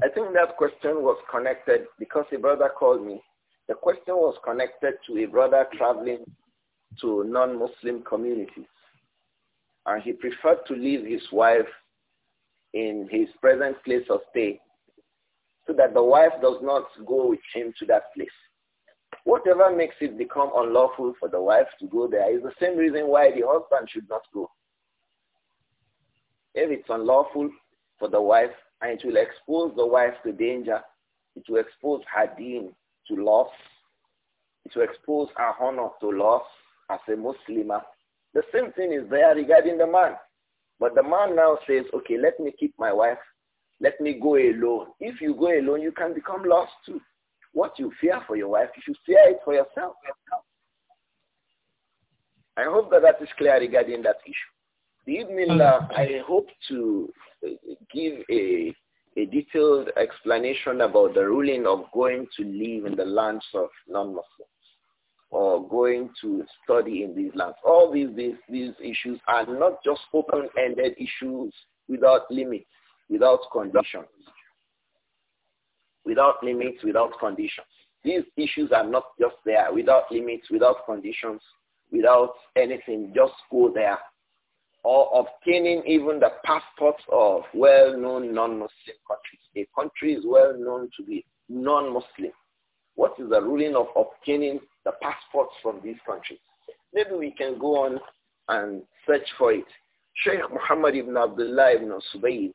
I think that question was connected because a brother called me. The question was connected to a brother traveling to non-Muslim communities. And he preferred to leave his wife in his present place of stay so that the wife does not go with him to that place. Whatever makes it become unlawful for the wife to go there is the same reason why the husband should not go. If it's unlawful for the wife and it will expose the wife to danger. It will expose her deen to loss. It will expose her honor to loss as a Muslimah. The same thing is there regarding the man. But the man now says, okay, let me keep my wife. Let me go alone. If you go alone, you can become lost too. What you fear for your wife, you should fear it for yourself. I hope that that is clear regarding that issue. Bismillah, I hope to uh, give a, a detailed explanation about the ruling of going to live in the lands of non-Muslims or going to study in these lands. All these, these, these issues are not just open-ended issues without limits, without conditions. Without limits, without conditions. These issues are not just there without limits, without conditions, without anything. Just go there or obtaining even the passports of well-known non-Muslim countries. A country is well known to be non-Muslim. What is the ruling of obtaining the passports from these countries? Maybe we can go on and search for it. Sheikh Muhammad ibn Abdullah ibn Subayb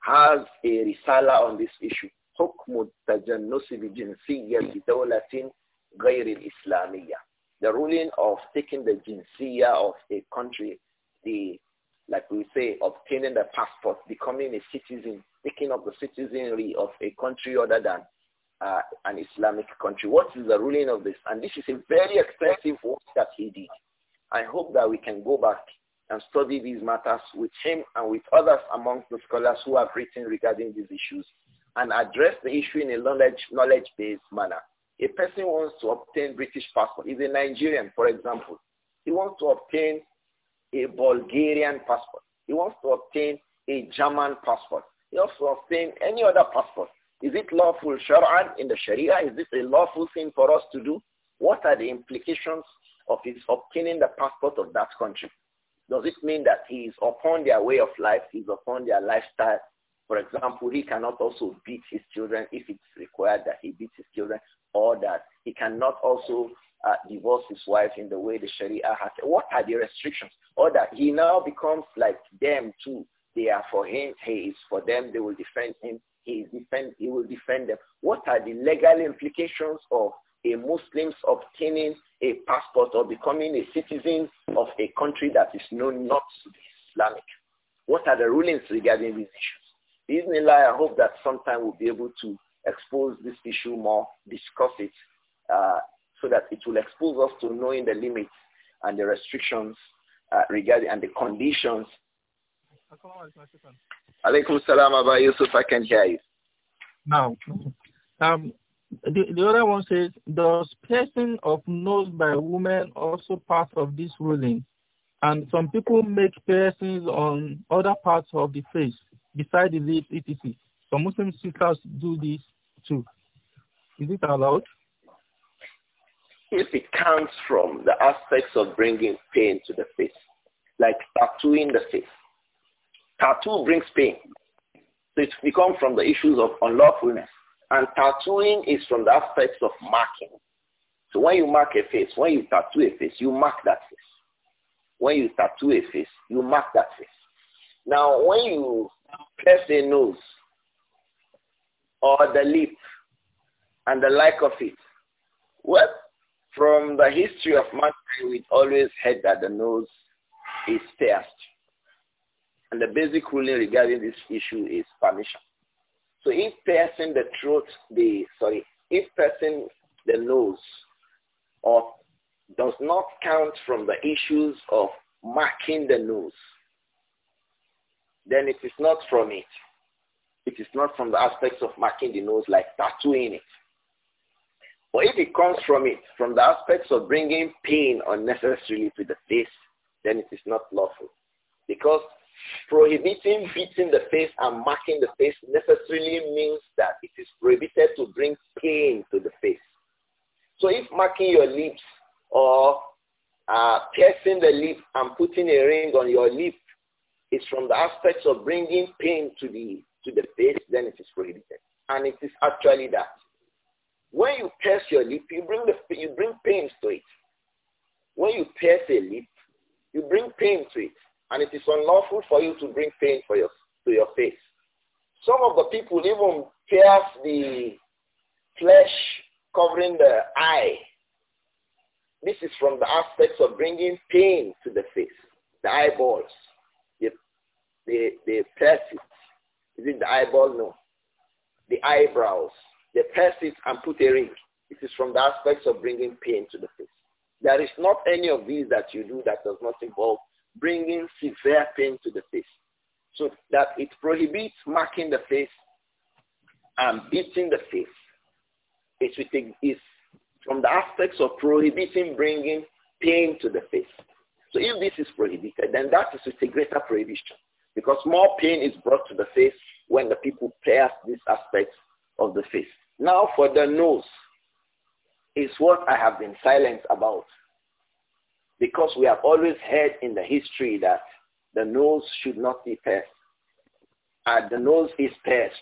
has a risala on this issue. حكم التجنس بجنسية دولة غير الإسلامية. The ruling of taking the jinsiya of a country the, like we say, obtaining the passport, becoming a citizen, taking up the citizenry of a country other than uh, an Islamic country. What is the ruling of this? And this is a very extensive work that he did. I hope that we can go back and study these matters with him and with others amongst the scholars who have written regarding these issues and address the issue in a knowledge, knowledge-based manner. A person wants to obtain British passport. He's a Nigerian, for example. He wants to obtain a Bulgarian passport. He wants to obtain a German passport. He wants to obtain any other passport. Is it lawful Sharia in the Sharia? Is this a lawful thing for us to do? What are the implications of his obtaining the passport of that country? Does it mean that he is upon their way of life? He is upon their lifestyle? For example, he cannot also beat his children if it's required that he beat his children or that he cannot also uh, divorce his wife in the way the Sharia has. What are the restrictions? Or that he now becomes like them too. They are for him, he is for them, they will defend him, he, defend, he will defend them. What are the legal implications of a Muslim's obtaining a passport or becoming a citizen of a country that is known not to be Islamic? What are the rulings regarding these issues? Bismillah, I hope that sometime we'll be able to expose this issue more, discuss it, uh, so that it will expose us to knowing the limits and the restrictions uh, regarding and the conditions. Alaikum salam, Yusuf, I can hear you. Now, um, the, the other one says, does piercing of nose by women also part of this ruling? And some people make piercings on other parts of the face besides the lips, etc. Some Muslim sisters do this too. Is it allowed? if it comes from the aspects of bringing pain to the face, like tattooing the face. Tattoo brings pain. So it's become from the issues of unlawfulness. And tattooing is from the aspects of marking. So when you mark a face, when you tattoo a face, you mark that face. When you tattoo a face, you mark that face. Now, when you press a nose or the lip and the like of it, what? From the history of mankind, we always heard that the nose is first. And the basic ruling regarding this issue is permission. So if piercing the throat, the sorry, if piercing the nose or does not count from the issues of marking the nose, then it is not from it. It is not from the aspects of marking the nose like tattooing it. But if it comes from it, from the aspects of bringing pain unnecessarily to the face, then it is not lawful. Because prohibiting beating the face and marking the face necessarily means that it is prohibited to bring pain to the face. So if marking your lips or uh, piercing the lip and putting a ring on your lip is from the aspects of bringing pain to the to the face, then it is prohibited. And it is actually that. When you pierce your lip, you bring, the, you bring pain to it. When you pierce a lip, you bring pain to it. And it is unlawful for you to bring pain for your, to your face. Some of the people even pierce the flesh covering the eye. This is from the aspects of bringing pain to the face, the eyeballs. They, they, they pierce it. Is it the eyeball? No. The eyebrows the pierce is and put a ring. It is from the aspects of bringing pain to the face. There is not any of these that you do that does not involve bringing severe pain to the face. So that it prohibits marking the face and beating the face. It is from the aspects of prohibiting bringing pain to the face. So if this is prohibited, then that is with a greater prohibition because more pain is brought to the face when the people pierce these aspects of the face. Now for the nose is what I have been silent about. Because we have always heard in the history that the nose should not be pierced. And the nose is pierced.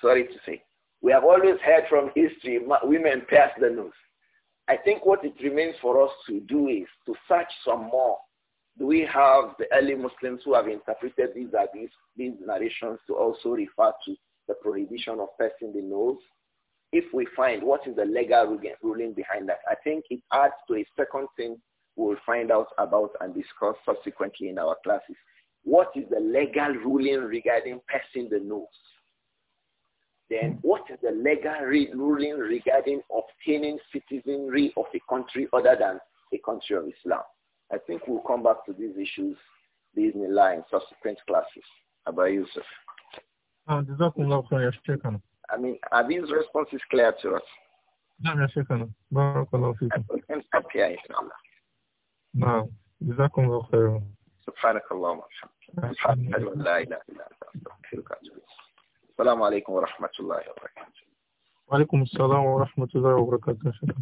Sorry to say. We have always heard from history women pierce the nose. I think what it remains for us to do is to search some more. Do we have the early Muslims who have interpreted these, these, these narrations to also refer to the prohibition of piercing the nose? if we find what is the legal ruling behind that. I think it adds to a second thing we'll find out about and discuss subsequently in our classes. What is the legal ruling regarding passing the nose? Then hmm. what is the legal ruling regarding obtaining citizenry of a country other than a country of Islam? I think we'll come back to these issues, these in line, subsequent classes. About Yusuf. Uh, I mean, Abin's response is clear to us. نعم يا شيخنا بارك الله فيكم. And stop here إن شاء الله. نعم جزاكم الله خيرا. سبحانك اللهم وبحمدك. سبحانك لا إله إلا أنت أستغفرك وأتوب السلام عليكم ورحمة الله وبركاته. وعليكم السلام ورحمة الله وبركاته.